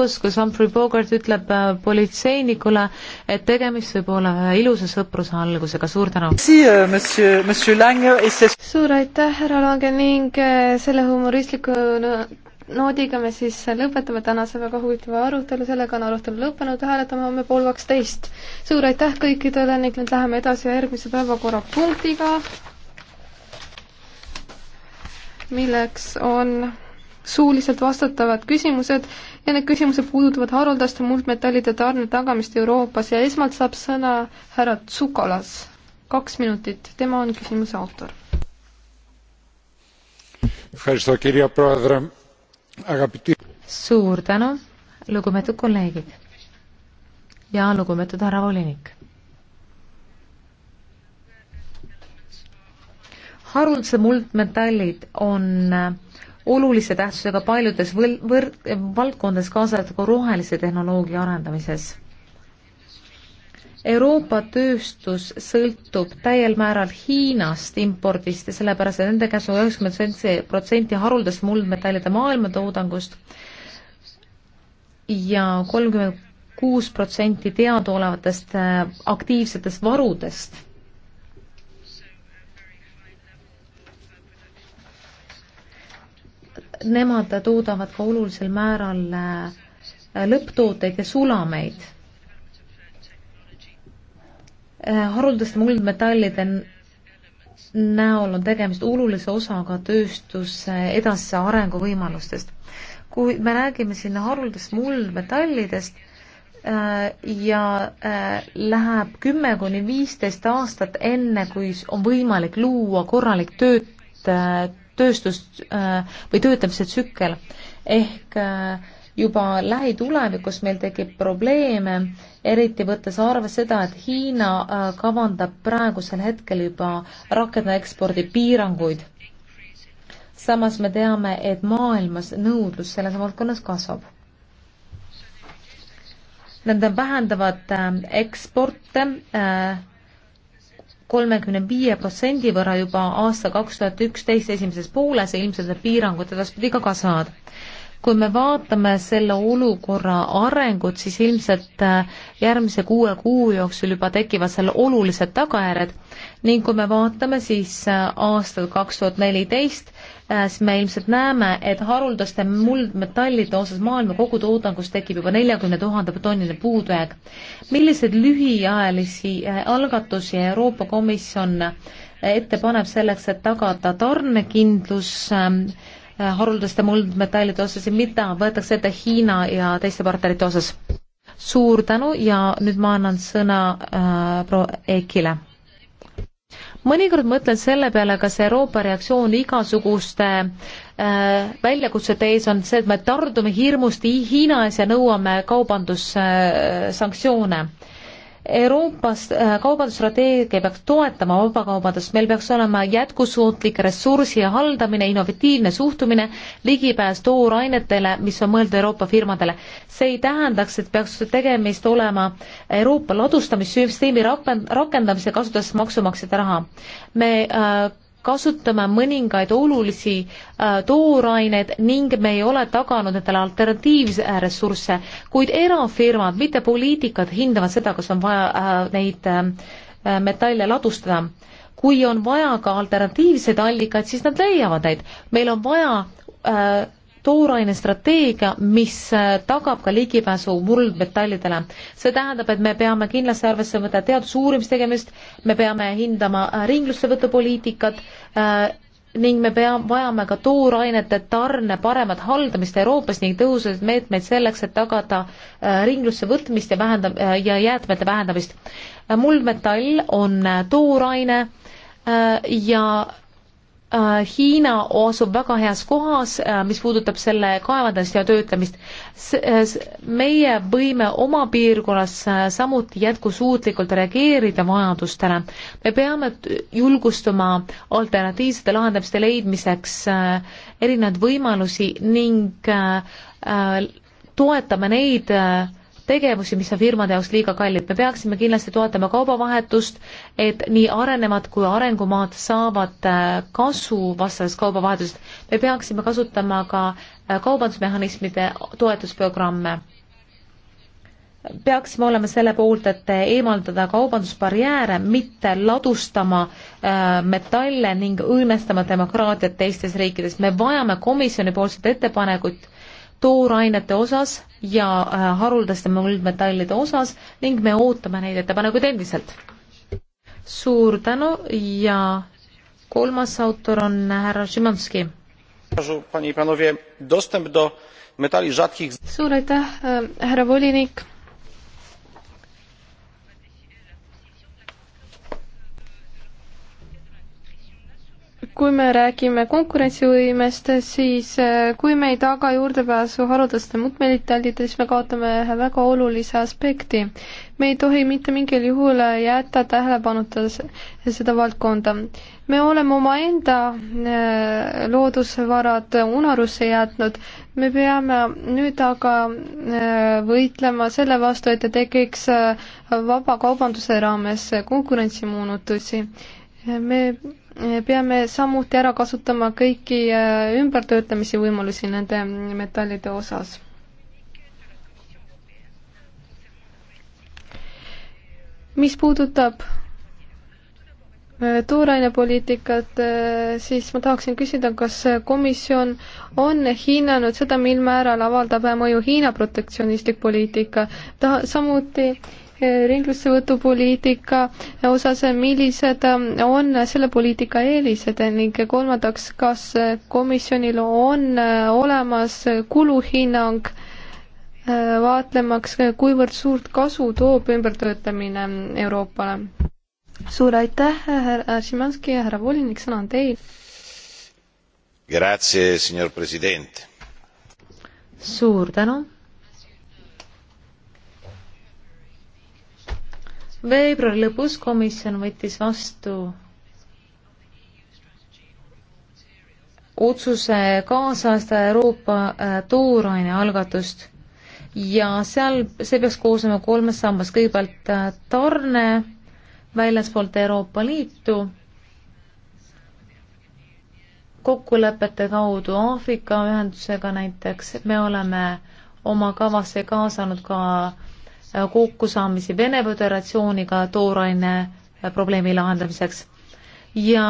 lõpus, kus Humphrey Bogart ütleb äh, politseinikule, et tegemist võib olla ühe äh, ilusa sõpruse algusega, suur tänu! Euh, suur aitäh, härra Lange ning äh, selle humoristliku noodiga me siis lõpetame tänase väga huvitava arutelu, sellega on arutelu lõppenud, hääletame homme pool kaksteist. suur aitäh kõikidele ning nüüd läheme edasi järgmise päevakorrapunktiga, milleks on suuliselt vastatavad küsimused ja need küsimused puudutavad haruldaste muldmetallide tarne tagamist Euroopas ja esmalt saab sõna härra Tsukalas. kaks minutit, tema on küsimuse autor. suur tänu, lugupeetud kolleegid ja lugupeetud härra volinik haruldse muldmetallid on olulise tähtsusega paljudes võl-, võr-, valdkondades, kaasa arvatud ka rohelise tehnoloogia arendamises. Euroopa tööstus sõltub täiel määral Hiinast impordist ja sellepärast, et nende käes on üheksakümmend seitse protsenti haruldast muldmetallide maailmatoodangust ja kolmkümmend kuus protsenti teadaolevatest äh, aktiivsetest varudest nemad toodavad ka olulisel määral äh, lõpptooteid ja sulameid. Äh, haruldaste muldmetallide näol on tegemist olulise osaga tööstuse edasise arengu võimalustest. kui me räägime siin haruldast muldmetallidest äh, ja äh, läheb kümme kuni viisteist aastat, enne kui on võimalik luua korralik tööt äh, tööstust äh, või töötamise tsükkel. ehk äh, juba lähitulevikus meil tekib probleeme, eriti võttes arve seda, et Hiina äh, kavandab praegusel hetkel juba rakendada ekspordipiiranguid. samas me teame, et maailmas nõudlus selles valdkonnas kasvab Nad vähendavad eksporte kolmekümne viie protsendi võrra juba aasta kaks tuhat üksteist esimeses pooles ja ilmselt need piirangud edaspidi ka kasvavad. kui me vaatame selle olukorra arengut, siis ilmselt äh, järgmise kuue kuu jooksul juba tekivad seal olulised tagajärjed ning kui me vaatame, siis äh, aastal kaks tuhat neliteist siis äh, me ilmselt näeme, et haruldaste muldmetallide osas maailma kogutoodangus tekib juba neljakümne tuhande tonnine puudujääk. milliseid lühiajalisi äh, algatusi Euroopa Komisjon äh, ette paneb selleks, et tagada tarnekindlus ähm, haruldaste muldmetallide osas ja mida võetakse ette Hiina ja teiste partnerite osas? suur tänu ja nüüd ma annan sõna äh, proua Eekile mõnikord mõtlen selle peale, kas Euroopa reaktsioon igasuguste äh, väljakutsete ees on see, et me tardume hirmust Hiina ees ja nõuame kaubandussanktsioone äh, Euroopas äh, kaubandusstrateegia peaks toetama vabakaubandust, meil peaks olema jätkusuutlik ressursi haldamine, innovatiivne suhtumine, ligipääs toorainetele, mis on mõeldud Euroopa firmadele. see ei tähendaks, et peaks tegemist olema Euroopa ladustamissüsteemi rakendamisega, kasutades maksumaksjate raha. me äh, kasutame mõningaid olulisi äh, tooraineid ning me ei ole taganud endale alternatiivse äh, ressursse, kuid erafirmad, mitte poliitikad, hindavad seda, kas on vaja äh, neid äh, äh, metalle ladustada. kui on vaja ka alternatiivseid allikaid, siis nad leiavad neid. meil on vaja äh, tooraine strateegia, mis äh, tagab ka ligipääsu muldmetallidele. see tähendab, et me peame kindlasti arvesse võtta teadus-uurimistegemist, me peame hindama äh, ringlussevõtupoliitikat äh, ning me pea-, vajame ka toorainete tarne paremat haldamist Euroopas ning tõhusaid meetmeid selleks, et tagada äh, ringlusse võtmist ja vähenda- äh, ja jäätmete vähendamist. Äh, muldmetall on tooraine ja Äh, Hiina asub väga heas kohas, äh, mis puudutab selle kaevandamist ja töötlemist. Äh, meie võime oma piirkonnas samuti jätkusuutlikult reageerida vajadustele. me peame julgustama alternatiivsete lahendamiste leidmiseks erinevaid võimalusi ning toetame neid tegevusi, mis on firmade jaoks liiga kallid. me peaksime kindlasti toetama kaubavahetust, et nii arenevad kui arengumaad saavad äh, kasu vastavast kaubavahetusest. me peaksime kasutama ka äh, kaubandusmehhanismide toetusprogramme. peaksime olema selle poolt, et eemaldada kaubandusbarjääre, mitte ladustama äh, metalle ning õõnestama demokraatiat teistes riikides. me vajame komisjonipoolset ettepanekut toorainete osas ja äh, haruldaste muldmetallide osas ning me ootame neid ettepanekuid endiselt. suur tänu ja kolmas autor on härra Šimanski. suur aitäh, äh, härra volinik kui me räägime konkurentsivõimest, siis äh, kui me ei taga juurdepääsu haruldaste muldmetallidele, siis me kaotame ühe väga olulise aspekti. me ei tohi mitte mingil juhul jätta tähelepanuta seda valdkonda. me oleme omaenda äh, loodusvarad unarusse jätnud, me peame nüüd aga äh, võitlema selle vastu, et tekiks vabakaubanduse raames konkurentsimoonutusi. me peame samuti ära kasutama kõiki äh, ümbertöötamise võimalusi nende metallide osas. mis puudutab äh, toorainepoliitikat, äh, siis ma tahaksin küsida, kas komisjon on hinnanud seda, mil määral avaldab mõju Hiina protektsionistlik poliitika, ta samuti äh, ringlussevõtupoliitika osas, millised on selle poliitika eelised ning kolmandaks, kas komisjonil on olemas kuluhinnang vaatlemaks, kuivõrd suurt kasu toob ümbertöötamine Euroopale? suur aitäh, härra Šimanski ja härra volinik, sõna on teil. Grazie, signor president. suur tänu veebruari lõpus komisjon võttis vastu otsuse kaasajastada Euroopa äh, tooraine algatust ja seal, see peaks koosnema kolmest sambast, kõigepealt äh, tarne väljaspoolt Euroopa Liitu, kokkulepete kaudu Aafrika ühendusega näiteks, me oleme oma kavasse kaasanud ka äh, Äh, kokkusaamisi Vene Föderatsiooniga tooraine äh, probleemi lahendamiseks ja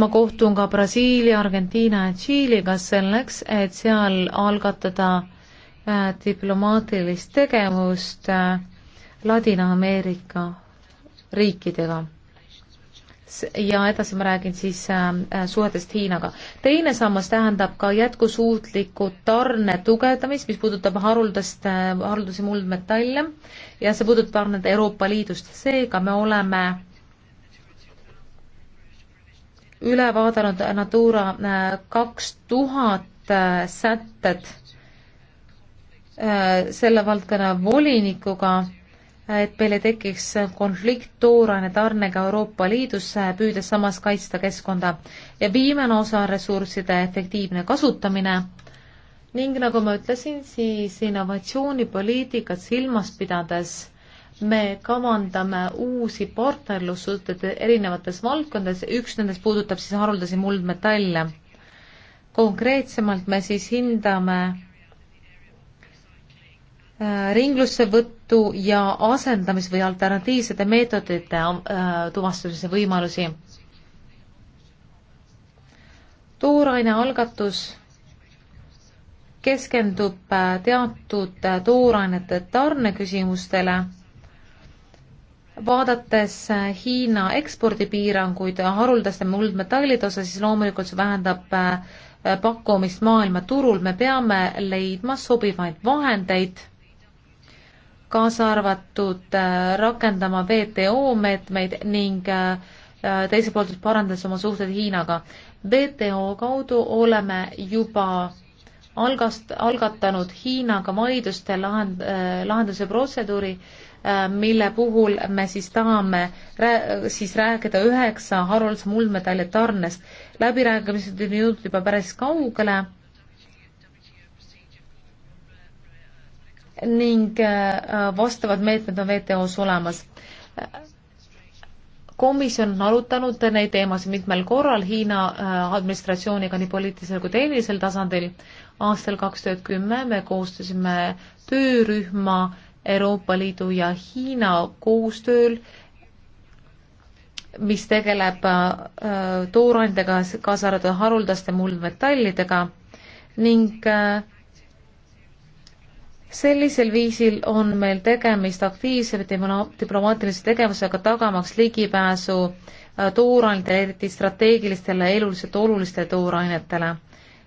ma kohtun ka Brasiilia, Argentiina ja Tšiiliga selleks, et seal algatada äh, diplomaatilist tegevust Ladina-Ameerika riikidega ja edasi ma räägin siis äh, äh, suhetest Hiinaga. teine sammas tähendab ka jätkusuutliku tarne tugevdamist, mis puudutab haruldast äh,, haruldasi muldmetalle ja see puudutab tarned Euroopa Liidust, seega me oleme üle vaadanud Natura äh, kaks äh, tuhat sätted äh, selle valdkonna volinikuga et meil ei tekiks konflikt tooraine tarnega Euroopa Liidusse, püüdes samas kaitsta keskkonda. ja viimane osa on ressursside efektiivne kasutamine ning nagu ma ütlesin, siis innovatsioonipoliitikat silmas pidades me kavandame uusi partnerlussuhteid erinevates valdkondades, üks nendest puudutab siis haruldasi muldmetalle. konkreetsemalt me siis hindame äh, ringlusse võtta ohtu ja asendamis- või alternatiivsete meetodite äh, tuvastamise võimalusi. tooraine algatus keskendub äh, teatud äh, toorainete tarneküsimustele, vaadates Hiina ekspordipiiranguid haruldaste muldmetallide osas, siis loomulikult see vähendab pakkumist maailmaturul, me peame leidma sobivaid vahendeid kaasa arvatud äh, rakendama WTO meetmeid ning äh, äh, teiselt poolt parandades oma suhted Hiinaga. WTO kaudu oleme juba algast, algatanud Hiinaga vaidluste lahend, lahenduse protseduuri, mille puhul me siis tahame rää-, siis rääkida üheksa haruldase muldmedali tarnest. läbirääkimised on jõudnud juba päris kaugele ning äh, vastavad meetmed on WTO-s olemas. komisjon on arutanud neid teemasid mitmel korral Hiina äh, administratsiooniga nii poliitilisel kui tehnilisel tasandil. aastal kaks tuhat kümme me koostasime töörühma Euroopa Liidu ja Hiina koostööl, mis tegeleb äh, toorainega, kaasa arvatud haruldaste muldmetallidega ning äh, sellisel viisil on meil tegemist aktiivse diplomaatilise tegevusega, tagamaks ligipääsu äh, toorainetele, eriti strateegilistele eluliselt olulistele toorainetele.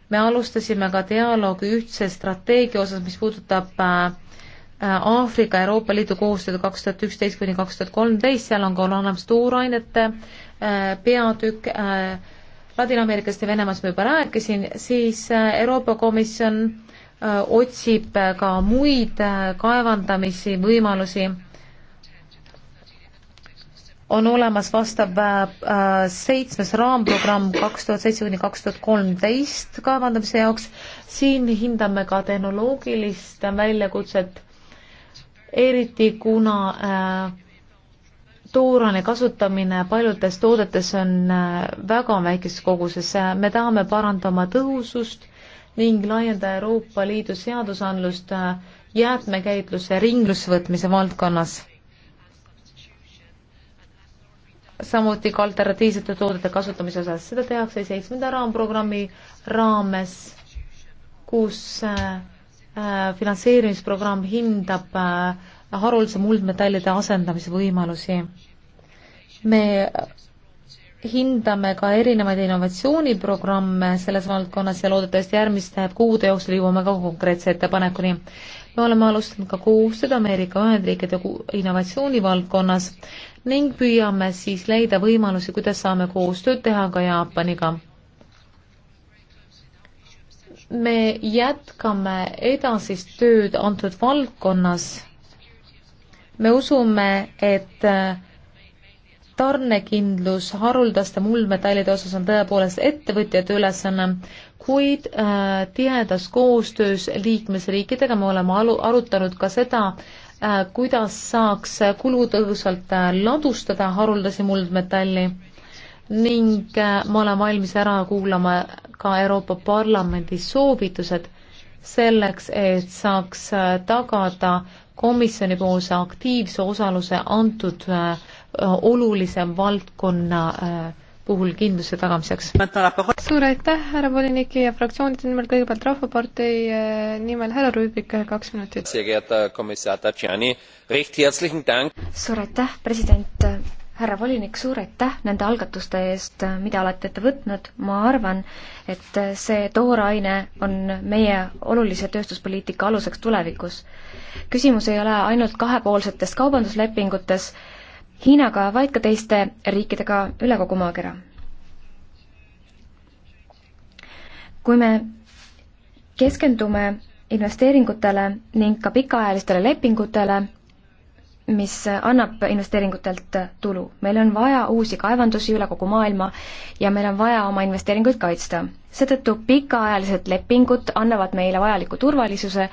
me alustasime ka dialoogi ühtse strateegia osas, mis puudutab äh, äh, Aafrika Euroopa Liidu koostööd kaks tuhat üksteist kuni kaks tuhat kolmteist, seal on ka olemas toorainete peatükk, Ladina-Ameerikast ja Venemaast ma juba rääkisin, siis Euroopa Komisjon Äh, otsib ka muid äh, kaevandamisi, võimalusi. on olemas vastav äh, seitsmes raamprogramm kaks tuhat seitse kuni kaks tuhat kolmteist kaevandamise jaoks. siin hindame ka tehnoloogilist väljakutset, eriti kuna toorane kasutamine paljudes toodetes on väga väikeses koguses. me tahame parandama tõhusust ning laiendada Euroopa Liidu seadusandlust äh, jäätmekäitluse ringlussvõtmise valdkonnas. samuti ka alternatiivsete toodete kasutamise osas, seda tehakse seitsmenda raamprogrammi raames, kus äh, äh, finantseerimisprogramm hindab haruldase muldmetallide asendamise võimalusi. me hindame ka erinevaid innovatsiooniprogramme selles valdkonnas ja loodetavasti järgmiste kuude jooksul jõuame ka konkreetse ettepanekuni. me oleme alustanud ka koostööd Ameerika Ühendriikide innovatsiooni valdkonnas ning püüame siis leida võimalusi, kuidas saame koostööd teha ka Jaapaniga. me jätkame edasist tööd antud valdkonnas. me usume, et äh, tarnekindlus haruldaste muldmetallide osas on tõepoolest ettevõtjate ülesanne, kuid äh, tihedas koostöös liikmesriikidega me oleme alu, arutanud ka seda äh,, kuidas saaks kulutõhusalt äh, ladustada haruldasi muldmetalli ning äh, ma olen valmis ära kuulama ka Euroopa Parlamendi soovitused selleks, et saaks äh, tagada komisjonipoolse aktiivse osaluse antud äh, Äh, olulisem valdkonna äh, puhul kindluse tagamiseks. suur aitäh, härra volinik ja fraktsioonide nimel kõigepealt Rahvapartei äh, nimel härra Rüübik, kaks minutit. suur aitäh, president, härra volinik, suur aitäh nende algatuste eest, mida olete ette võtnud, ma arvan, et see tooraine on meie olulise tööstuspoliitika aluseks tulevikus. küsimus ei ole ainult kahepoolsetes kaubanduslepingutes, Hiinaga, vaid ka teiste riikidega üle kogu maakera. kui me keskendume investeeringutele ning ka pikaajalistele lepingutele, mis annab investeeringutelt tulu. meil on vaja uusi kaevandusi üle kogu maailma ja meil on vaja oma investeeringuid kaitsta. seetõttu pikaajalised lepingud annavad meile vajaliku turvalisuse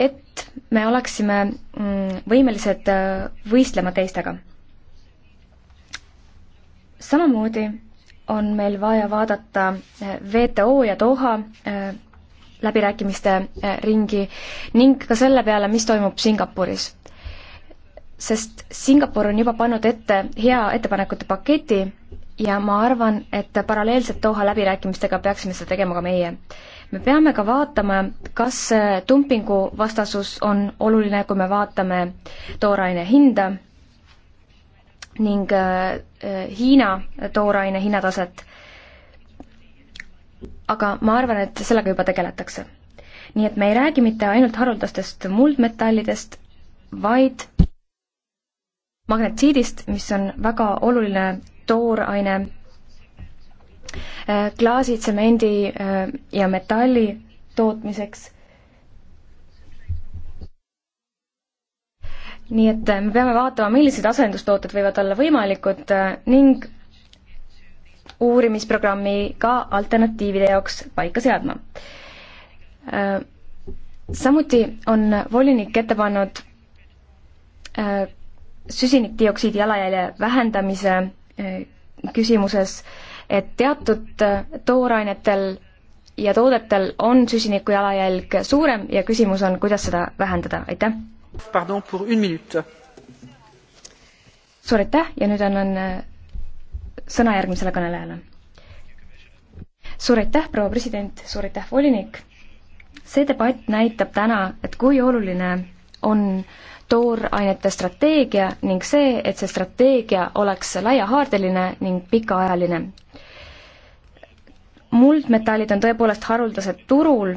et me oleksime mm, võimelised äh, võistlema teistega. samamoodi on meil vaja vaadata äh, WTO ja Doha äh, läbirääkimiste ringi ning ka selle peale, mis toimub Singapuris. sest Singapur on juba pannud ette hea ettepanekute paketi ja ma arvan, et paralleelselt Doha läbirääkimistega peaksime seda tegema ka meie me peame ka vaatama, kas dumpingu vastasus on oluline, kui me vaatame tooraine hinda ning äh, Hiina tooraine hinnataset. aga ma arvan, et sellega juba tegeletakse. nii et me ei räägi mitte ainult haruldastest muldmetallidest, vaid magnetsiidist, mis on väga oluline tooraine Äh, klaasi, tsemendi äh, ja metalli tootmiseks. nii et äh, me peame vaatama, millised asendustooted võivad olla võimalikud ning uurimisprogrammi ka alternatiivide jaoks paika seadma. samuti on volinik ette pannud süsinikdioksiidi jalajälje vähendamise küsimuses äh, et teatud äh, toorainetel ja toodetel on süsiniku jalajälg suurem ja küsimus on, kuidas seda vähendada, aitäh. suur aitäh ja nüüd annan äh, sõna järgmisele kõnelejale. suur aitäh, proua president, suur aitäh, volinik. see debatt näitab täna, et kui oluline on äh, toorainete strateegia ning see, et see strateegia oleks laiahaardeline ning pikaajaline. muldmetallid on tõepoolest haruldased turul,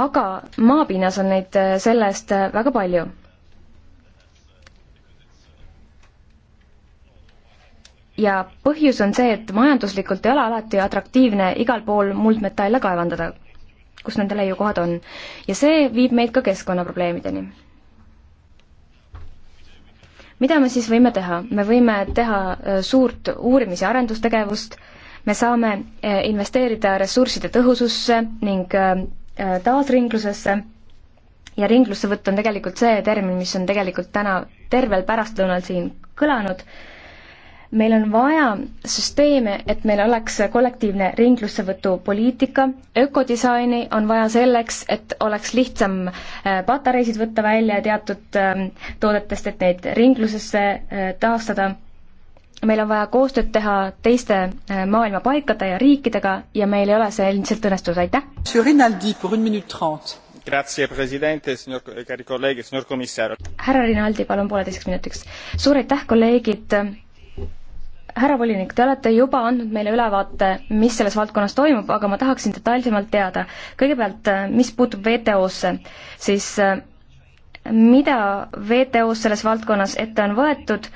aga maapinnas on neid äh, selle eest äh, väga palju. ja põhjus on see, et majanduslikult ei ole alati atraktiivne igal pool muldmetalle kaevandada, kus nende leiukohad on. ja see viib meid ka keskkonnaprobleemideni mida me siis võime teha? me võime teha äh, suurt uurimis- ja arendustegevust, me saame äh, investeerida ressursside tõhususse ning äh, taasringlusesse ja ringlussevõtt on tegelikult see termin, mis on tegelikult täna tervel pärastlõunal siin kõlanud meil on vaja süsteeme, et meil oleks kollektiivne ringlussevõtupoliitika, ökodisaini on vaja selleks, et oleks lihtsam äh, patareisid võtta välja teatud ähm, toodetest, et neid ringlusesse äh, taastada, meil on vaja koostööd teha teiste äh, maailma paikade ja riikidega ja meil ei ole see ilmselt õnnestunud, aitäh! Grazie, signor, kollegid, signor härra Rinaldi, palun pooleteiseks minutiks. suur aitäh, kolleegid! härra volinik, te olete juba andnud meile ülevaate, mis selles valdkonnas toimub, aga ma tahaksin detailsemalt teada. kõigepealt, äh, mis puutub WTO-sse, siis äh, mida WTO-s selles valdkonnas ette on võetud,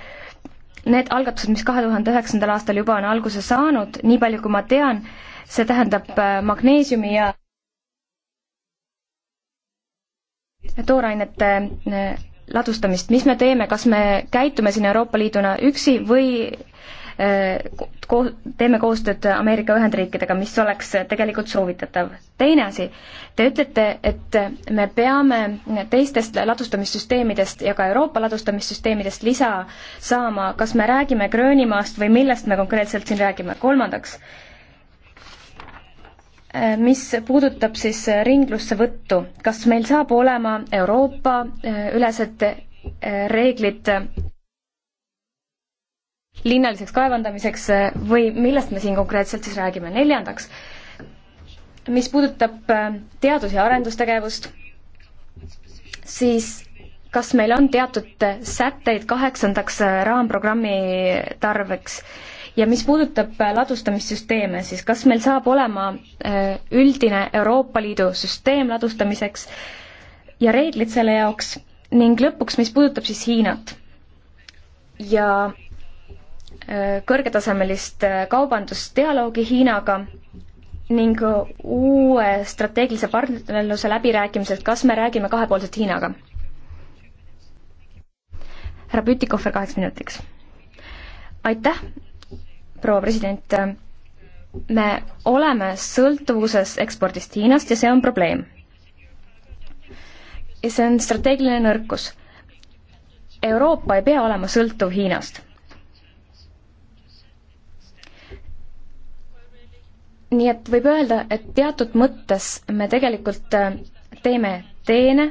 need algatused, mis kahe tuhande üheksandal aastal juba on alguse saanud, nii palju kui ma tean, see tähendab äh, magneesiumi ja toorainete ladustamist, mis me teeme, kas me käitume siin Euroopa Liiduna üksi või ko-, teeme koostööd Ameerika Ühendriikidega, mis oleks tegelikult soovitatav. teine asi, te ütlete, et me peame teistest ladustamissüsteemidest ja ka Euroopa ladustamissüsteemidest lisa saama, kas me räägime Gröönimaast või millest me konkreetselt siin räägime, kolmandaks, mis puudutab siis ringlusse võttu, kas meil saab olema Euroopa ülesed reeglid linnaliseks kaevandamiseks eh, või millest me siin konkreetselt siis räägime. neljandaks, mis puudutab eh, teadus- ja arendustegevust, siis kas meil on teatud eh, sätteid kaheksandaks raamprogrammi tarveks ja mis puudutab ladustamissüsteeme, siis kas meil saab olema üldine Euroopa Liidu süsteem ladustamiseks ja reeglid selle jaoks ning lõpuks, mis puudutab siis Hiinat ja kõrgetasemelist äh, kaubandusdialoogi Hiinaga ning uue strateegilise partnerluse läbirääkimised, kas me räägime kahepoolselt Hiinaga? härra Pütikohver kaheks minutiks. aitäh, proua president. me oleme sõltuvuses ekspordist Hiinast ja see on probleem. ja see on strateegiline nõrkus. Euroopa ei pea olema sõltuv Hiinast nii et võib öelda, et teatud mõttes me tegelikult äh, teeme teene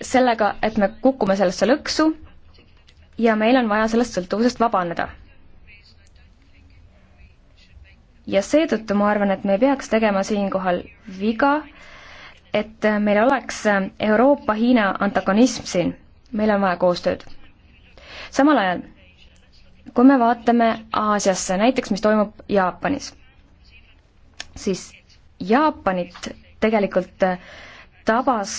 sellega, et me kukume sellesse lõksu ja meil on vaja sellest sõltuvusest vabaneda. ja seetõttu ma arvan, et me ei peaks tegema siinkohal viga, et äh, meil oleks äh, Euroopa-Hiina antagonism siin, meil on vaja koostööd. samal ajal, kui me vaatame Aasiasse, näiteks mis toimub Jaapanis siis Jaapanit tegelikult äh, tabas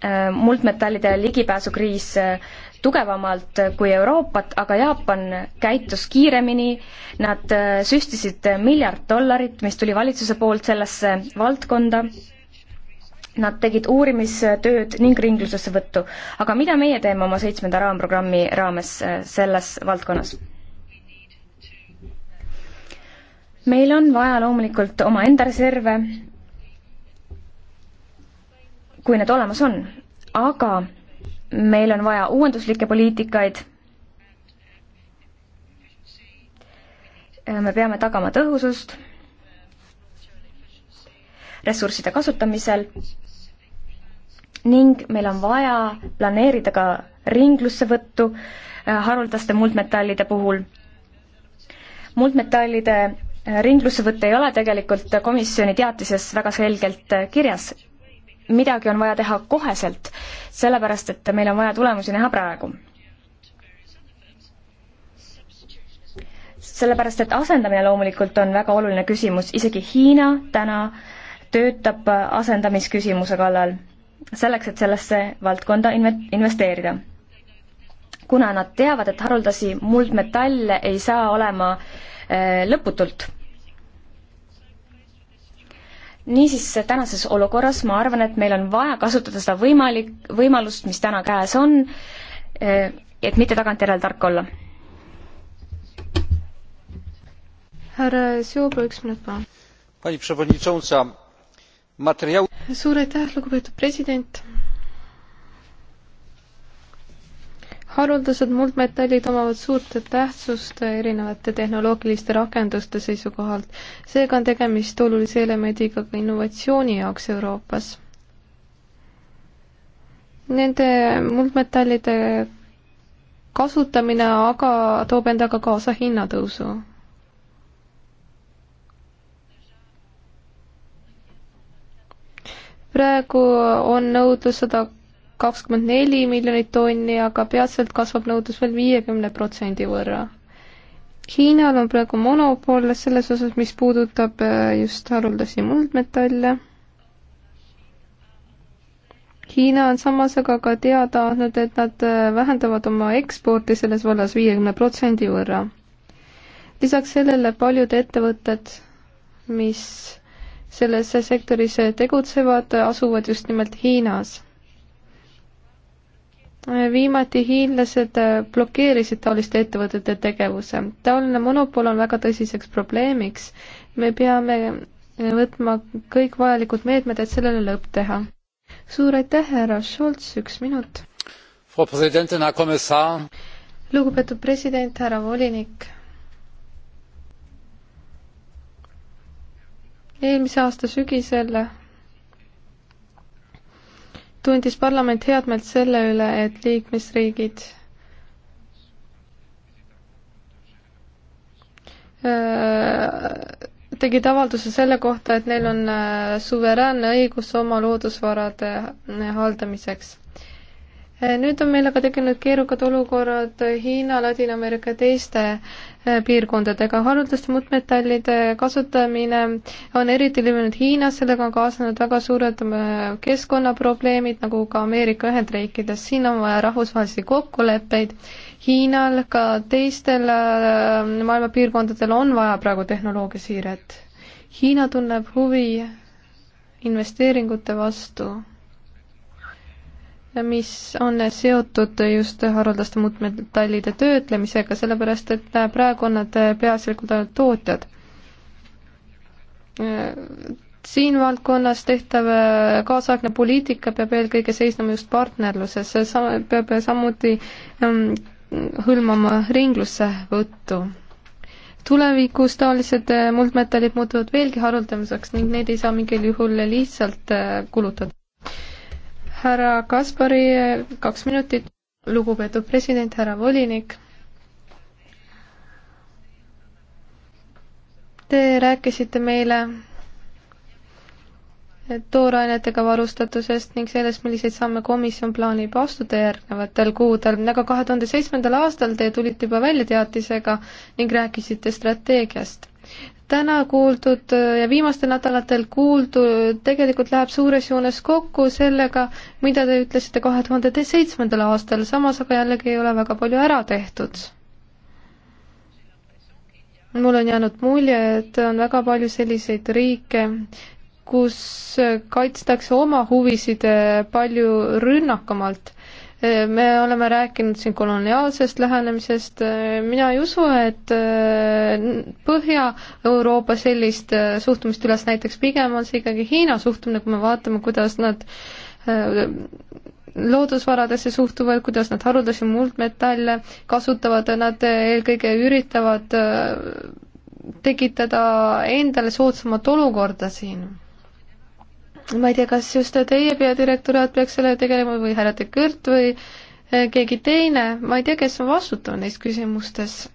äh, muldmetallidele ligipääsukriis äh, tugevamalt kui Euroopat, aga Jaapan käitus kiiremini, nad süstisid miljard dollarit, mis tuli valitsuse poolt sellesse valdkonda, nad tegid uurimistööd ning ringlusesse võttu. aga mida meie teeme oma seitsmenda raamprogrammi raames selles valdkonnas? meil on vaja loomulikult omaenda reserve, kui need olemas on, aga meil on vaja uuenduslikke poliitikaid, me peame tagama tõhusust ressursside kasutamisel ning meil on vaja planeerida ka ringlussevõttu eh, haruldaste muldmetallide puhul. muldmetallide ringlussevõtt ei ole tegelikult komisjoni teatises väga selgelt kirjas. midagi on vaja teha koheselt, sellepärast et meil on vaja tulemusi näha praegu. sellepärast, et asendamine loomulikult on väga oluline küsimus, isegi Hiina täna töötab asendamisküsimuse kallal, selleks, et sellesse valdkonda investeerida. kuna nad teavad, et haruldasi muldmetalle ei saa olema äh, Äh, lõputult. niisiis, tänases olukorras ma arvan, et meil on vaja kasutada seda võimalik, võimalust, mis täna käes on, äh, et mitte tagantjärele tark olla. härra Sooba, üks minut palun. suur aitäh, lugupeetud president haruldased muldmetallid omavad suurt tähtsust erinevate tehnoloogiliste rakenduste seisukohalt. seega on tegemist olulise elemendiga ka innovatsiooni jaoks Euroopas. Nende muldmetallide kasutamine aga toob endaga kaasa hinnatõusu praegu on nõudlus sada kakskümmend neli miljonit tonni, aga peatselt kasvab nõudlus veel viiekümne protsendi võrra. Hiinal on praegu monopol selles osas, mis puudutab äh, just haruldasi muldmetalle. Hiina on samas aga ka teada andnud, et nad äh, vähendavad oma eksporti selles vallas viiekümne protsendi võrra. lisaks sellele paljud ettevõtted, mis selles sektoris äh, tegutsevad, asuvad just nimelt Hiinas viimati hiinlased äh, blokeerisid taoliste ettevõtete tegevuse. taoline monopol on väga tõsiseks probleemiks. me peame äh, võtma kõik vajalikud meetmed, et sellele lõpp teha. suur aitäh, härra Scholz, üks minut. lugupeetud president, härra volinik. eelmise aasta sügisel tundis parlament head meelt selle üle, et liikmesriigid äh, tegid avalduse selle kohta, et neil on äh, suveräänne õigus oma loodusvarade haldamiseks Äh, nüüd on meil aga tekkinud keerukad olukorrad Hiina, Ladina-Ameerika teiste äh, piirkondadega. haruldaste muldmetallide kasutamine on eriti levinud Hiinas, sellega on kaasnenud väga suured äh, keskkonnaprobleemid, nagu ka Ameerika Ühendriikides. siin on vaja rahvusvahelisi kokkuleppeid. Hiinal, ka teistel maailma piirkondadel on vaja praegu tehnoloogiasiiret. Hiina tunneb huvi investeeringute vastu mis on seotud just haruldaste muutmetallide töötlemisega, sellepärast et praegu on nad peaasjalikult ainult tootjad. siin valdkonnas tehtav kaasaegne poliitika peab eelkõige seisnema just partnerluses, see peab samuti mm, hõlmama ringlussevõttu. tulevikus taolised muldmetallid muutuvad veelgi haruldamiseks ning neid ei saa mingil juhul lihtsalt äh, kulutada härra Kaspari, kaks minutit, lugupeetud president, härra volinik. Te rääkisite meile toorainetega varustatusest ning sellest, milliseid samme komisjon plaanib astuda järgnevatel kuudel, aga nagu kahe tuhande seitsmendal aastal te tulite juba välja teatisega ning rääkisite strateegiast täna kuuldud ja viimastel nädalatel kuuldu tegelikult läheb suures joones kokku sellega, mida te ütlesite kahe tuhande seitsmendal aastal, samas aga jällegi ei ole väga palju ära tehtud. mul on jäänud mulje, et on väga palju selliseid riike, kus kaitstakse oma huvisid palju rünnakamalt me oleme rääkinud siin koloniaalsest lähenemisest, mina ei usu, et äh, Põhja-Euroopa sellist äh, suhtumist üles näiteks, pigem on see ikkagi Hiina suhtumine, kui me vaatame, kuidas nad äh, loodusvaradesse suhtuvad, kuidas nad haruldasi muldmetalle kasutavad, nad eelkõige üritavad tekitada endale soodsamat olukorda siin ma ei tea, kas just teie peadirektoraat peaks sellega tegelema või härra De Kõrt või eh, keegi teine, ma ei tea, kes on vastutav neis küsimustes.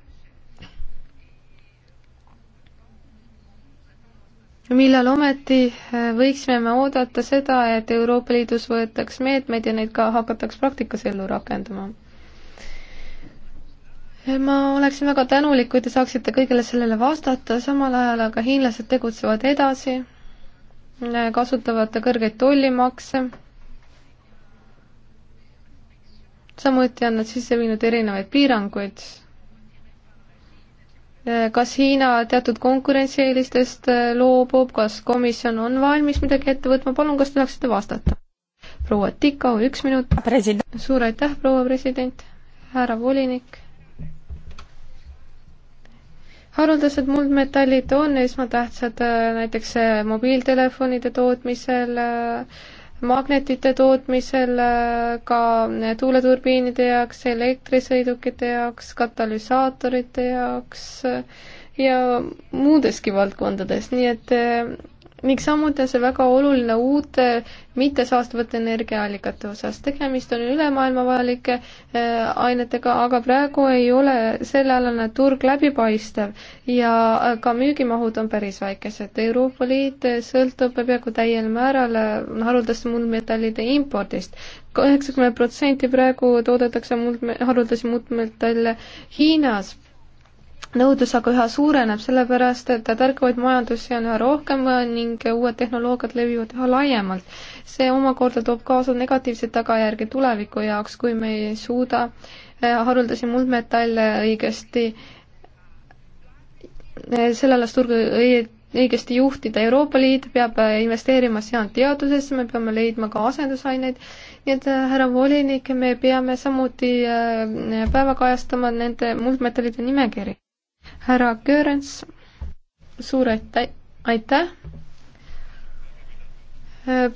millal ometi eh, võiksime me oodata seda, et Euroopa Liidus võetaks meetmeid ja neid ka hakataks praktikas ellu rakendama? Eh, ma oleksin väga tänulik, kui te saaksite kõigele sellele vastata, samal ajal aga hiinlased tegutsevad edasi kasutavad kõrgeid tollimakse. samuti on nad sisse viinud erinevaid piiranguid. kas Hiina teatud konkurentsieelistest loobub, kas komisjon on valmis midagi ette võtma, palun, kas te saaksite vastata? proua Tikau, üks minut. suur aitäh, proua president, härra volinik haruldased muldmetallid on esmatähtsad äh, näiteks äh, mobiiltelefonide tootmisel, äh, magnetite tootmisel, ka tuuleturbiinide jaoks, elektrisõidukite jaoks, katalüsaatorite jaoks ja muudeski valdkondades, nii et ning samuti on see väga oluline uute mittesaastuvate energiaallikate osas. tegemist on ülemaailmavajalike äh, ainetega, aga praegu ei ole sellealane turg läbipaistev ja äh, ka müügimahud on päris väikesed. Euroopa Liit sõltub peaaegu täiel määral äh, haruldaste muldmetallide impordist. kaheksakümmend protsenti praegu toodetakse muld, haruldasi muldmetalle Hiinas nõudlus aga üha suureneb, sellepärast et tarkvaid majandusi on üha rohkem ning uued tehnoloogiad levivad üha laiemalt. see omakorda toob kaasa negatiivseid tagajärgi tuleviku jaoks, kui me ei suuda eh, haruldasi muldmetalle õigesti, eh, sellele turgu õigesti juhtida. Euroopa Liit peab investeerima seal teadusesse, me peame leidma ka asendusaineid nii et eh, härra volinik, me peame samuti päevakajastama nende muldmetallide nimekiri härra Görens, suur aitäh, aitäh.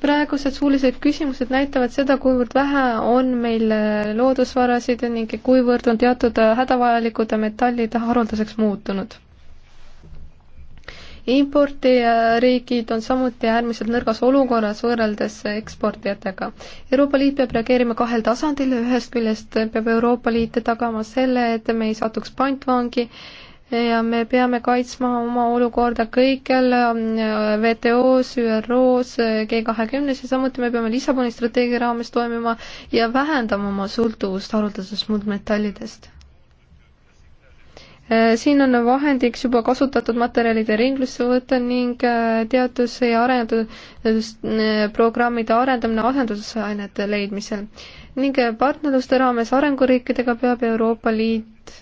praegused suulised küsimused näitavad seda, kuivõrd vähe on meil äh, loodusvarasid ning kuivõrd on teatud äh, hädavajalikud metallid haruldaseks muutunud. impordiriigid on samuti äärmiselt nõrgas olukorras võrreldes äh, eksportijatega. Euroopa Liit peab reageerima kahel tasandil, ühest küljest peab Euroopa Liit tagama selle, et me ei satuks pantvangi ja me peame kaitsma oma olukorda kõikjal äh, WTO-s, ÜRO-s, äh, G20-s ja samuti me peame Lissaboni strateegia raames toimima ja vähendama oma sõltuvust haruldasest muldmetallidest. Äh, siin on vahendiks juba kasutatud materjalide ringlusse võtta ning teadusse ja arendusprogrammide arendamine asendusainete leidmisel ning partnerluste raames arenguriikidega peab Euroopa Liit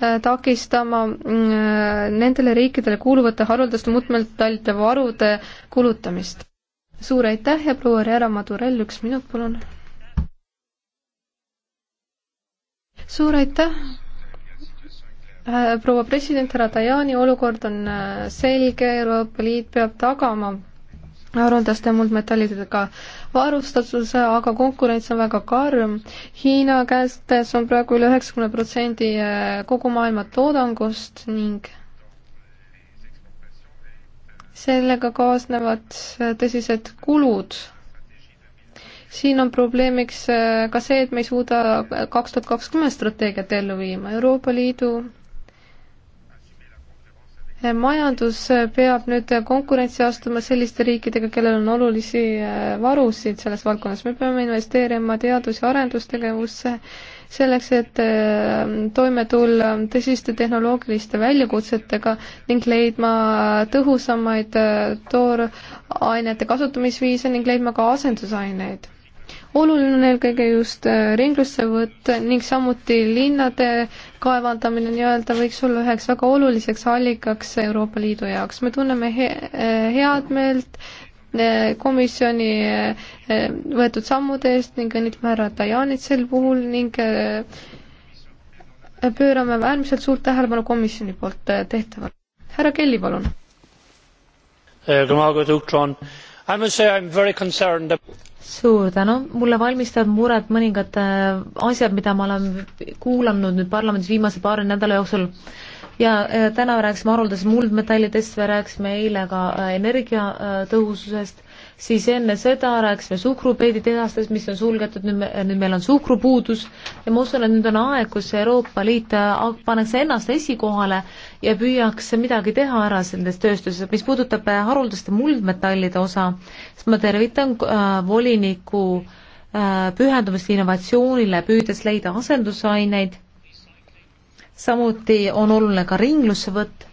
Äh, takistama mm, äh, nendele riikidele kuuluvate haruldaste muutmetalite varude kulutamist. suur aitäh ja proua Reera Madurell, üks minut, palun. suur aitäh äh, proua president härra Tajani, olukord on selge, Euroopa Liit peab tagama haruldaste muldmetallidega varustatuse, aga konkurents on väga karm. Hiina kätes on praegu üle üheksakümne protsendi äh, kogu maailma toodangust ning sellega kaasnevad äh, tõsised kulud. siin on probleemiks äh, ka see, et me ei suuda kaks tuhat kakskümmend strateegiat ellu viima. Euroopa Liidu majandus peab nüüd konkurentsi astuma selliste riikidega, kellel on olulisi äh, varusid selles valdkonnas, me peame investeerima teadus- ja arendustegevusse, selleks, et äh, toime tulla tõsiste tehnoloogiliste väljakutsetega ning leidma tõhusamaid äh, toorainete kasutamisviise ning leidma ka asendusaineid oluline on eelkõige just äh, ringlusse võtta ning samuti linnade kaevandamine nii-öelda võiks olla üheks väga oluliseks allikaks Euroopa Liidu jaoks. me tunneme he äh, head meelt äh, komisjoni võetud sammude eest ning õnnitleme härra Dajanit sel puhul ning pöörame äärmiselt suurt tähelepanu komisjoni poolt tehtavale. härra Kelly, palun suur tänu, mulle valmistavad muret mõningad äh, asjad, mida ma olen kuulanud nüüd parlamendis viimase paari nädala jooksul ja äh, täna rääkisime haruldasest muldmetallidest, me rääkisime eile ka äh, energiatõhususest siis enne seda rääkisime suhkrupeeditehastest, mis on sulgetud, nüüd me, nüüd meil on suhkrupuudus ja ma usun, et nüüd on aeg, kus Euroopa Liit äh, paneks ennast esikohale ja püüaks midagi teha ära selles tööstuses. mis puudutab äh, haruldaste muldmetallide osa, siis ma tervitan äh, voliniku äh, pühendumist innovatsioonile, püüdes leida asendusaineid, samuti on oluline ka ringlussevõtt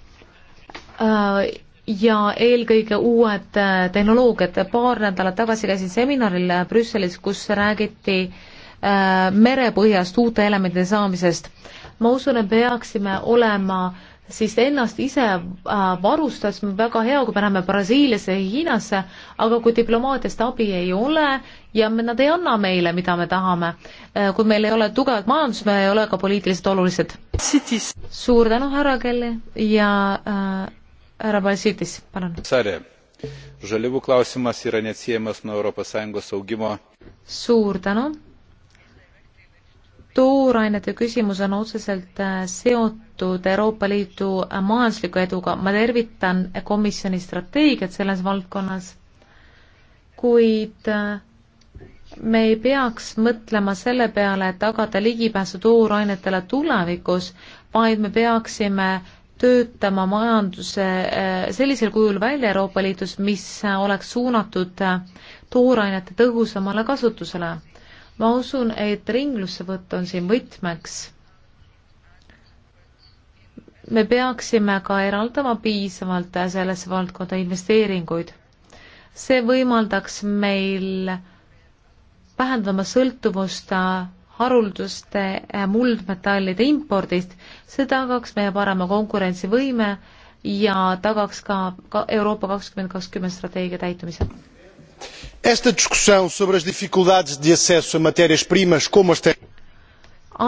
äh,, ja eelkõige uued äh, tehnoloogiad. paar nädalat tagasi käisin seminaril äh, Brüsselis, kus räägiti äh, merepõhjast uute elementide saamisest. ma usun, et peaksime olema siis ennast ise varustas, väga hea, kui me läheme Brasiiliasse ja Hiinasse, aga kui diplomaatiast abi ei ole ja me, nad ei anna meile, mida me tahame, kui meil ei ole tugevat majandust, me ei ole ka poliitiliselt olulised. suur tänu, härra Kelly ja äh, härra Balsitis, palun. žaliavų klausimas yra neatsiejamas nuo Europos Sąjungos augimo. suur tänu. toorainete küsimus on otseselt äh, seotud Euroopa Liidu äh, majandusliku eduga. ma tervitan komisjoni strateegiat selles valdkonnas, kuid äh, me ei peaks mõtlema selle peale, et tagada ligipääsu toorainetele tulevikus, vaid me peaksime töötama majanduse eh, sellisel kujul välja Euroopa Liidus, mis oleks suunatud eh, toorainete tõhusamale kasutusele. ma usun, et ringlussevõtt on siin võtmeks. me peaksime ka eraldama piisavalt eh, sellesse valdkonda investeeringuid. see võimaldaks meil vähendama sõltuvust haruldaste äh, muldmetallide impordist, see tagaks meie parema konkurentsivõime ja tagaks ka, ka Euroopa kakskümmend kakskümmend strateegia täitumise. Esta discussão sobre as dificuldades de acesso a matérias-primas como as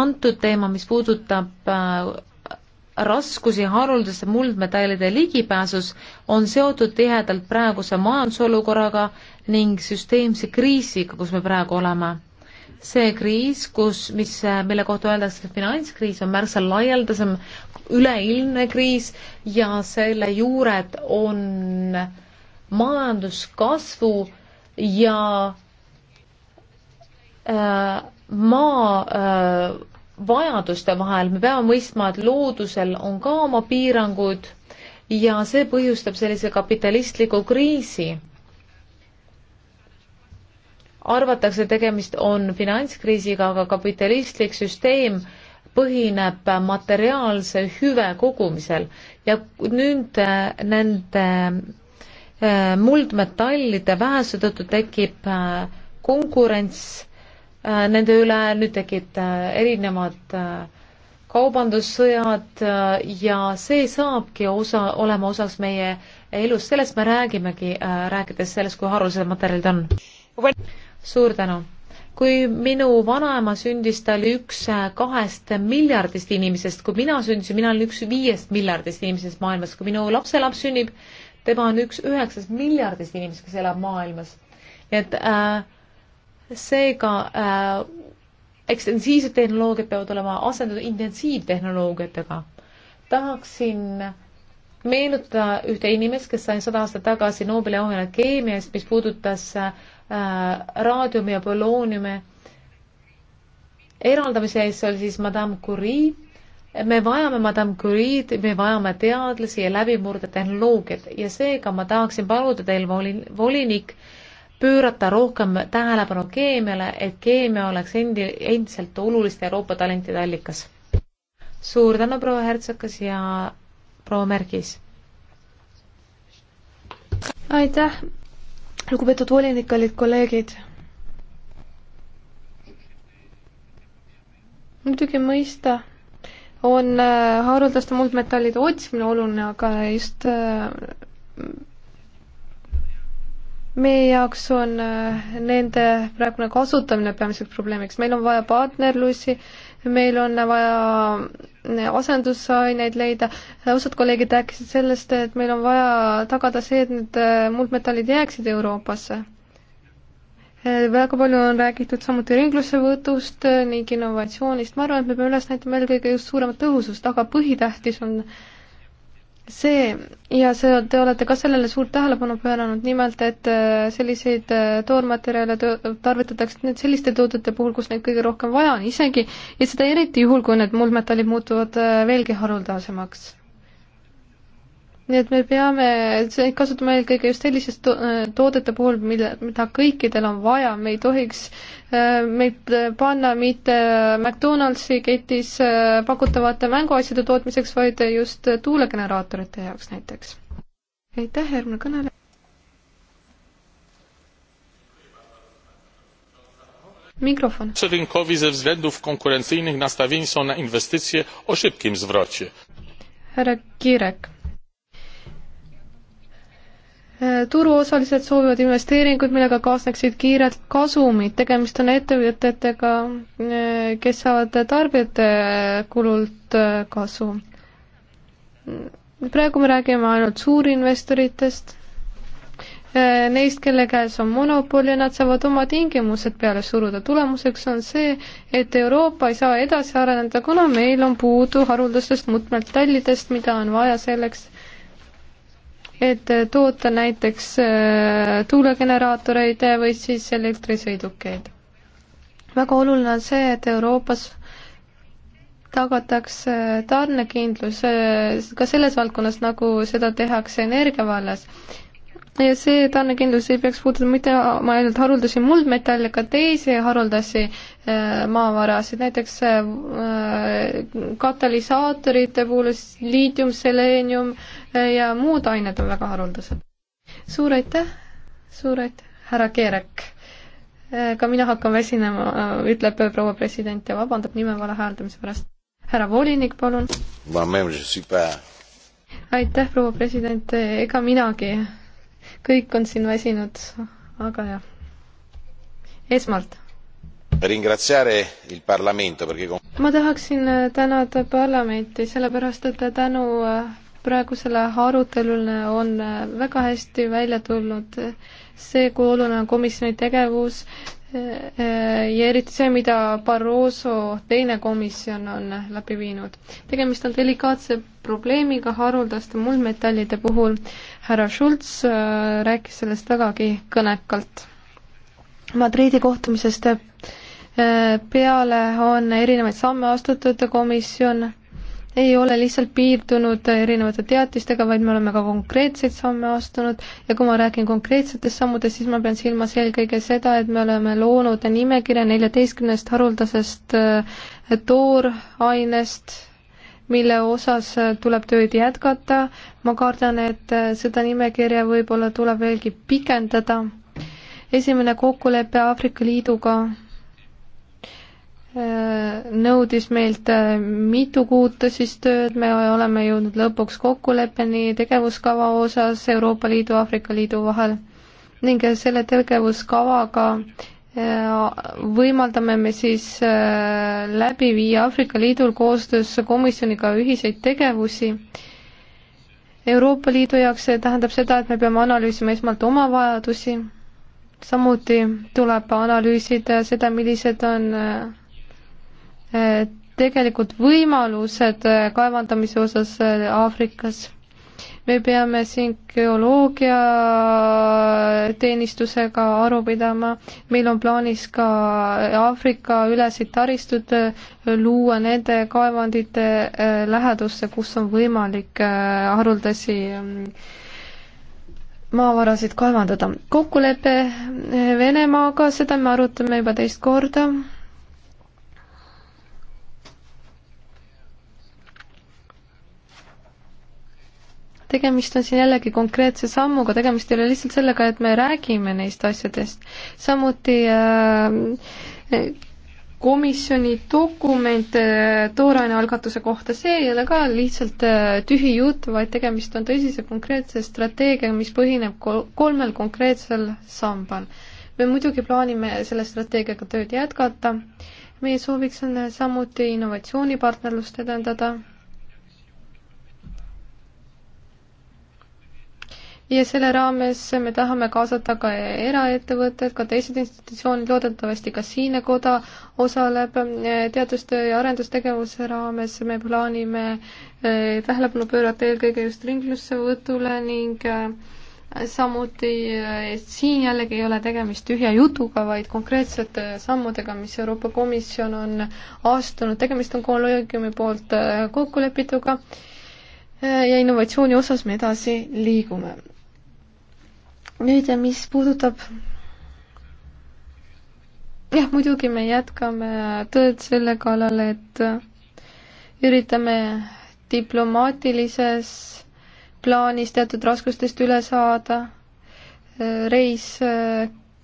antud teema, mis puudutab äh, raskusi haruldaste muldmetallide ligipääsus, on seotud tihedalt praeguse majandusolukorraga ning süsteemse kriisiga, kus me praegu oleme see kriis, kus, mis, äh, mille kohta öeldakse, et finantskriis on märksa laialdasem, üleilmne kriis ja selle juured on majanduskasvu ja äh, maa äh, vajaduste vahel, me peame mõistma, et loodusel on ka oma piirangud ja see põhjustab sellise kapitalistliku kriisi arvatakse, tegemist on finantskriisiga, aga kapitalistlik süsteem põhineb materiaalse hüve kogumisel ja nüüd äh, nende äh, muldmetallide vähese tõttu tekib äh, konkurents nende üle, nüüd tekib erinevad kaubandussõjad ja see saabki osa, olema osaks meie elust, sellest me räägimegi, rääkides sellest, kui haruldased materjalid on suur tänu. kui minu vanaema sündis, ta oli üks äh, kahest miljardist inimesest, kui mina sündisin, mina olin üks viiest miljardist inimesest maailmas, kui minu lapselaps sünnib, tema on üks üheksast miljardist inimesest, kes elab maailmas. nii et äh, seega äh, ekstensiivsed tehnoloogiad peavad olema asendatud intensiivtehnoloogiatega. tahaksin meenutada ühte inimest, kes sai sada aastat tagasi Nobeli auhinnad keemiast, mis puudutas äh, Äh, raadiumi ja polooniumi eraldamise eest, see oli siis Madame Curie. me vajame Madame Curie'd, me vajame teadlasi ja läbimurdetehnoloogiat ja seega ma tahaksin paluda teil, volinik, pöörata rohkem tähelepanu keemiale, et keemia oleks endi, endiselt oluliste Euroopa talentide allikas. suur tänu, proua Hertsakas ja proua Mergis! aitäh, lugupeetud volinik, kallid kolleegid. muidugi mõista on äh, haruldaste muldmetallide otsimine oluline, aga just äh, meie jaoks on äh, nende praegune kasutamine peamiseks probleemiks, meil on vaja partnerlusi, meil on vaja äh, asendusaineid leida, osad kolleegid rääkisid sellest, et meil on vaja tagada see, et need äh, muldmetallid jääksid Euroopasse. väga palju on räägitud samuti ringlussevõtust ning innovatsioonist, ma arvan, et me peame üles näitama eelkõige just suuremat tõhusust, aga põhitähtis on äh, see ja see, te olete ka sellele suurt tähelepanu pööranud, nimelt et äh, selliseid äh, toormaterjale tarvitatakse nüüd selliste toodete puhul, kus neid kõige rohkem vaja on, isegi ja seda eriti juhul, kui need muldmetallid muutuvad äh, veelgi haruldasemaks. nii et me peame neid kasutama eelkõige just sellisest to toodete puhul, mille, mida kõikidel on vaja, me ei tohiks Äh, meid äh, panna mitte McDonaldsi ketis äh, pakutavate mänguasjade tootmiseks, vaid just tuulegeneraatorite jaoks näiteks. aitäh, järgmine kõneleja. Mikrofon. rynkowi ze względów konkurencyjnych nastawieni są na inwestycje o szybkim zwrocie. Herr Kirek Äh, turuosalised soovivad investeeringuid, millega kaasneksid kiired kasumid, tegemist on ettevõtetega, äh, kes saavad tarbijate kulult äh, kasu. praegu me räägime ainult suurinvestoritest, neist, kelle käes on monopol ja nad saavad oma tingimused peale suruda. tulemuseks on see, et Euroopa ei saa edasi areneda, kuna meil on puudu haruldastest mutmetallidest, mida on vaja selleks, et toota näiteks äh, tuulegeneraatoreid või siis elektrisõidukeid. väga oluline on see, et Euroopas tagatakse äh, tarnekindlus äh, ka selles valdkonnas, nagu seda tehakse energia vallas ja see tarnekindlus ei peaks puudutama mitte ainult haruldasi muldmetalle, ka teisi haruldasi äh, maavarasid, näiteks äh, äh, katalüsaatorite puhul liitium, seleenium ja muud ained on väga haruldased. suur aitäh, suur aitäh, härra Keerek. ka mina hakkan väsinema, ütleb proua president ja vabandab nime vale hääldamise pärast. härra volinik, palun. aitäh, proua president, ega minagi kõik on siin väsinud, aga jah. esmalt. ma tahaksin äh, tänada parlamenti, sellepärast et tänu äh, praegusele arutelule on äh, väga hästi välja tulnud see, kui oluline on komisjoni tegevus, ja eriti see, mida Barroso teine komisjon on läbi viinud. tegemist on delikaatse probleemiga haruldaste muldmetallide puhul. härra Schulz äh, rääkis sellest vägagi kõnekalt. Madridi kohtumisest äh, peale on erinevaid samme astutud, komisjon ei ole lihtsalt piirdunud erinevate teatistega, vaid me oleme ka konkreetseid samme astunud ja kui ma räägin konkreetsetest sammudest, siis ma pean silmas eelkõige seda, et me oleme loonud nimekirja neljateistkümnest haruldasest äh, toorainest, mille osas äh, tuleb tööd jätkata. ma kardan, et äh, seda nimekirja võib-olla tuleb veelgi pikendada. esimene kokkulepe Aafrika Liiduga nõudis meilt äh, mitu kuud tõsist tööd, me oleme jõudnud lõpuks kokkuleppeni tegevuskava osas Euroopa Liidu, Aafrika Liidu vahel ning selle tegevuskavaga äh, võimaldame me siis äh, läbi viia Aafrika Liidul koostöös komisjoniga ühiseid tegevusi. Euroopa Liidu jaoks see tähendab seda, et me peame analüüsima esmalt oma vajadusi, samuti tuleb analüüsida seda, millised on tegelikult võimalused äh, kaevandamise osas äh, Aafrikas. me peame siin geoloogiateenistusega äh, aru pidama, meil on plaanis ka Aafrika ülesid taristud luua nende kaevandite lähedusse, kus on võimalik haruldasi mm, maavarasid kaevandada. kokkulepe Venemaaga, seda me arutame juba teist korda tegemist on siin jällegi konkreetse sammuga, tegemist ei ole lihtsalt sellega, et me räägime neist asjadest. samuti äh, komisjoni dokument äh, tooraine algatuse kohta, see ei ole ka lihtsalt äh, tühi jutt, vaid tegemist on tõsise konkreetse strateegiaga, mis põhineb kolmel konkreetsel sambal. me muidugi plaanime selle strateegiaga tööd jätkata, meie sooviks on äh, samuti innovatsioonipartnerlust edendada ja selle raames me tahame kaasata ka eraettevõtted, ka teised institutsioonid, loodetavasti ka Siinekoda osaleb eh, teadustöö ja arendustegevuse raames, me plaanime eh, tähelepanu pöörata eelkõige just ringlussevõtule ning eh, samuti siin jällegi ei ole tegemist tühja jutuga, vaid konkreetsete sammudega, mis Euroopa Komisjon on astunud, tegemist on kolleegiumi poolt kokkulepituga ja innovatsiooni osas me edasi liigume nüüd, mis puudutab jah, muidugi me jätkame tööd selle kallal, et üritame diplomaatilises plaanis teatud raskustest üle saada. reis,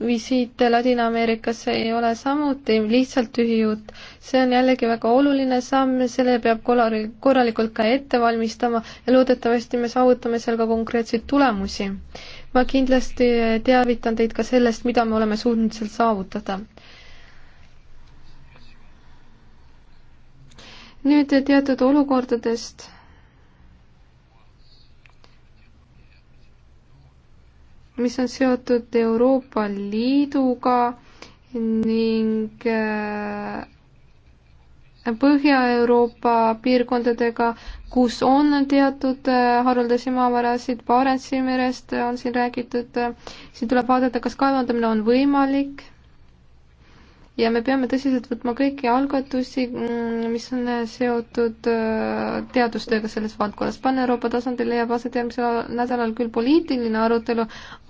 visiit Ladina-Ameerikasse ei ole samuti lihtsalt tühi jutt. see on jällegi väga oluline samm, selle peab korralikult ka ette valmistama ja loodetavasti me saavutame seal ka konkreetseid tulemusi ma kindlasti teavitan teid ka sellest, mida me oleme suutnud seal saavutada. nüüd teatud olukordadest. mis on seotud Euroopa Liiduga ning äh, Põhja-Euroopa piirkondadega, kus on teatud äh, haruldasi maavarasid, Barentsi merest on siin räägitud, siin tuleb vaadata, kas kaevandamine on võimalik ja me peame tõsiselt võtma kõiki algatusi, mm, mis on äh, seotud äh, teadustööga selles valdkonnas. Pan-Euroopa tasandil leiab aset järgmisel nädalal küll poliitiline arutelu,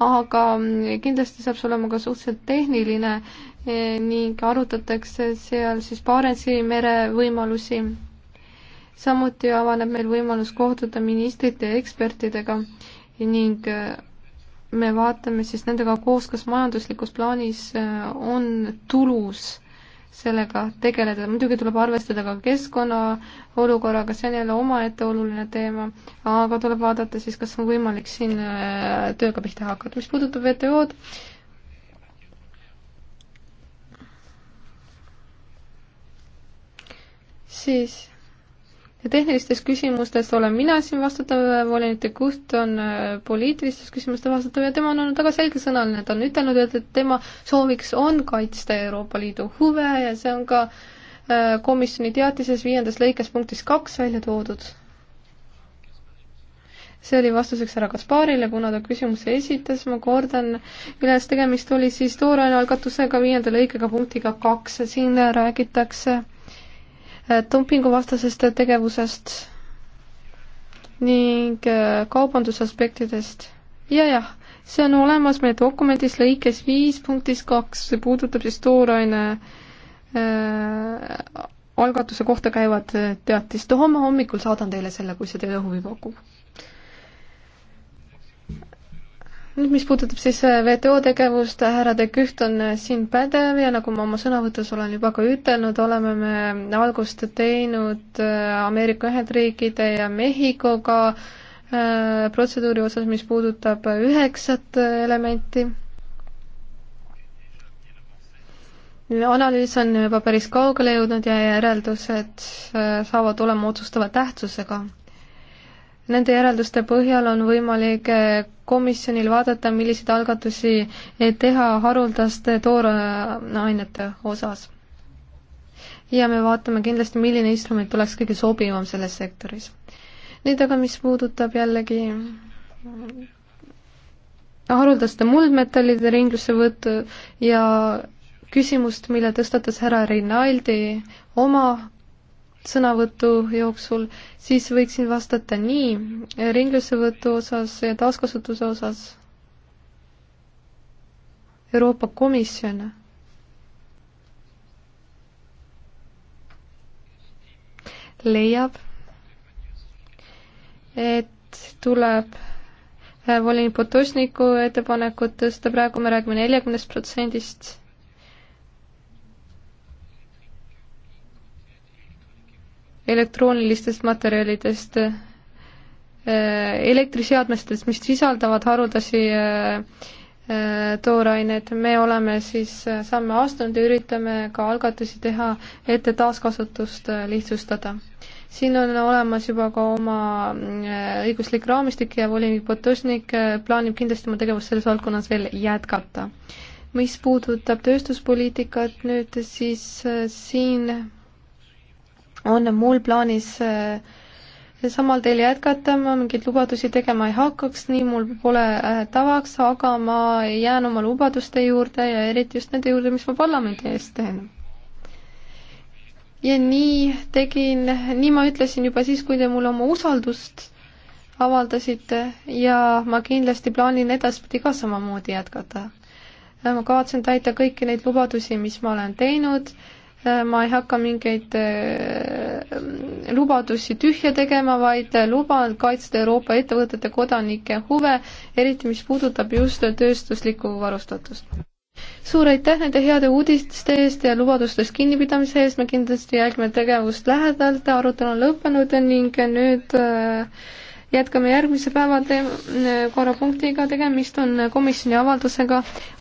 aga mm, kindlasti saab see olema ka suhteliselt tehniline e, ning arutatakse seal siis Barentsi mere võimalusi. samuti avaneb meil võimalus kohtuda ministrite ja ekspertidega ning äh, me vaatame siis nendega koos, kas majanduslikus plaanis äh, on tulus sellega tegeleda, muidugi tuleb arvestada ka keskkonna olukorraga, see on jälle omaette oluline teema, aga tuleb vaadata siis, kas on võimalik siin äh, tööga pihta hakata, mis puudutab WTO-d, siis ja tehnilistest küsimustest olen mina siin vastutav, volinik de Gucht on äh, poliitilistest küsimustest vastutav ja tema on olnud väga selgesõnaline, ta on ütelnud, et, et tema sooviks on kaitsta Euroopa Liidu huve ja see on ka äh, komisjoni teatises viiendas lõikes punktis kaks välja toodud. see oli vastuseks härra Kasparile, kuna ta küsimuse esitas, ma kordan üle, et tegemist oli siis tooraine algatusega viienda lõikega punktiga kaks, siin räägitakse dumpinguvastasest tegevusest ning äh, kaubandusaspektidest ja jah, see on olemas meie dokumendis lõikes viis punktis kaks, see puudutab siis tooraine äh, algatuse kohta käivat äh, teatist. homme hommikul saadan teile selle, kui see teile huvi pakub nüüd, mis puudutab siis äh, WTO tegevust, äh, härra De Küht on äh, siin pädev ja nagu ma oma sõnavõtus olen juba ka ütelnud, oleme me algust teinud Ameerika Ühendriikide ja Mehhikoga äh, protseduuri osas, mis puudutab üheksat elementi analüüs on juba päris kaugele jõudnud ja järeldused saavad olema otsustava tähtsusega. Nende järelduste põhjal on võimalik eh, komisjonil vaadata, milliseid algatusi eh, teha haruldaste toorainete osas. ja me vaatame kindlasti, milline instrument oleks kõige sobivam selles sektoris. nüüd aga, mis puudutab jällegi mm, haruldaste muldmetallide ringlussevõttu ja küsimust, mille tõstatas härra Rinaldi oma sõnavõtu jooksul, siis võiksin vastata nii, ringlussevõtu osas ja taaskasutuse osas Euroopa Komisjon leiab, et tuleb äh, volinik Potošniku ettepanekut tõsta, praegu me räägime neljakümnest protsendist elektroonilistest materjalidest, äh, elektriseadmestest, mis sisaldavad haruldasi äh, äh, tooraineid, me oleme siis samme astunud ja üritame ka algatusi teha, et taaskasutust lihtsustada. siin on olemas juba ka oma õiguslik raamistik ja volinik Potosnik plaanib kindlasti oma tegevust selles valdkonnas veel jätkata. mis puudutab tööstuspoliitikat nüüd, siis siin on mul plaanis äh, samal teel jätkata, ma mingeid lubadusi tegema ei hakkaks, nii mul pole äh, tavaks, aga ma jään oma lubaduste juurde ja eriti just nende juurde, mis ma parlamendi ees teen. ja nii tegin, nii ma ütlesin juba siis, kui te mulle oma usaldust avaldasite ja ma kindlasti plaanin edaspidi ka samamoodi jätkata. Äh, ma kavatsen täita kõiki neid lubadusi, mis ma olen teinud Äh, ma ei hakka mingeid äh, lubadusi tühja tegema, vaid äh, luban kaitsta Euroopa ettevõtete kodanike huve, eriti mis puudutab just tööstuslikku varustatust. suur aitäh nende heade uudiste eest ja lubadustest kinnipidamise eest, me kindlasti jälgime tegevust lähedalt, arutelu on lõppenud ning nüüd jätkame järgmise päeva korrapunktiga, tegemist on komisjoni avaldusega